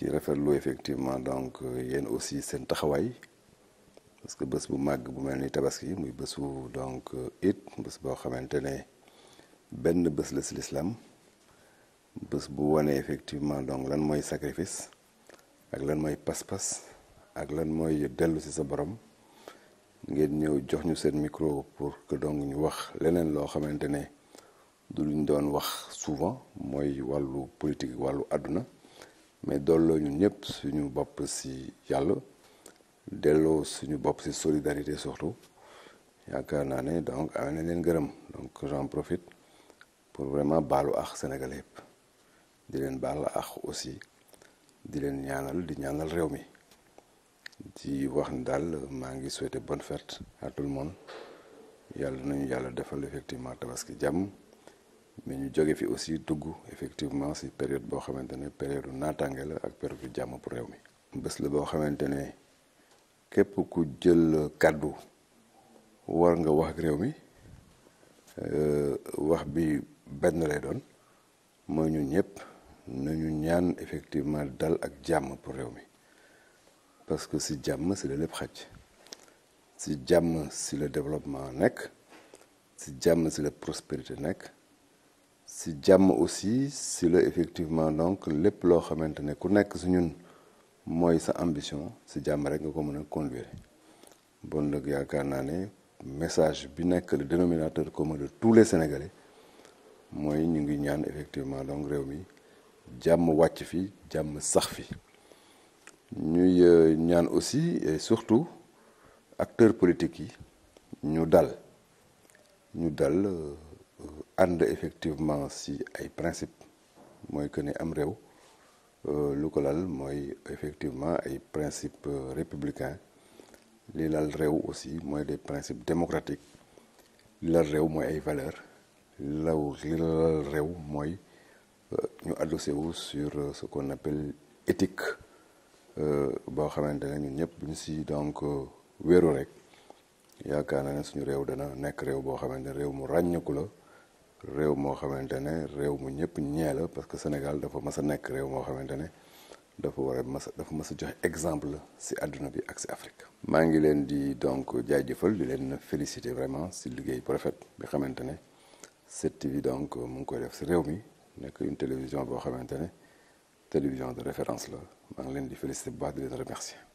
di rafetlu effectivement donc euh, yéen aussi seen taxawaay parce que bés bu màgg bu mel ni tabaski muy bésu donc euh, it bés boo xamante ne benn bés la si lislaam bés bu wane effectivement donc lan mooy sacrifice ak lan mooy pas-pas ak lan mooy dellu si sa borom ngeen ñëw jox ñu seen micro pour que donc ñu wax leneen loo xamante ne du luñ doon wax souvent mooy wàllu politique wàllu àdduna mais loo ñun ñëpp suñu bopp ci yàlla delloo suñu bopp ci solidarité surtout yaakaar naa ne donc amee nañ leen gërëm donc j'en profite pour vraiment baalu ak Sénégal yëpp di leen baal ax aussi di leen ñaanal di ñaanal réew mi di wax ni daal maa ngi souhaiter bonne fête à tout le monde yàlla nañu yàlla defal effectivement tabaski jàmm mais ñu jóge fi aussi dugg effectivement si période boo xamante ne période naataange la ak période jàmm pour réew mi. bés la boo xamante ne képp ku jël kàddu war nga wax réew mi euh, wax bi benn lay doon mooy ñu ñëpp nañu ñaan effectivement dal ak jàmm pour réew mi parce que si jàmm si la lépp xaj si jàmm si la développement nekk si jàmm si la prospérité nekk. si jàmm aussi si la effectivement donc lépp loo xamante ne ku nekk su ñun mooy sa ambition si jàmm rek nga ko mën a conduire bon nag yaakaar naa ne message bi nekk le dénominateur commun tous les sénégalais mooy ñu ngi ñaan effectivement donc réew mi jàmm wàcc fi jàmm sax fi ñuy euh, ñaan aussi surtout acteurs politiques yi ñu dal ñu dal. Euh, ànd effectivement si ay principe mooy que ne am réew euh, lu ko lal mooy effectivement ay principe euh, républicain li lal réew aussi mooy des principes démocratiques li lal réew mooy ay valeurs law li lal réew mooy euh, ñu adossé wu sur ce qu'on appelle éthique boo xamante ne ñu ñëpp buñ si donc wéeru rek yaakaar naa ne suñu réew dana nekk réew boo xamante ne réew mu ràññeeku la réew moo xamante ne réew mu ñëpp ñee la parce que Sénégal dafa mas a nekk réew moo xamante ne dafa war a mas dafa mas a joxe exemple si àdduna bi ak si Afrique. maa ngi leen di donc jaajëfal di leen féliciter vraiment si liggéey bu rafet bi xamante ne 7TV donc mu ngi koy def si réew mi nekk une télévision boo xamante ne télévision de référence la maa ngi leen di féliciter bu baax di leen remercier.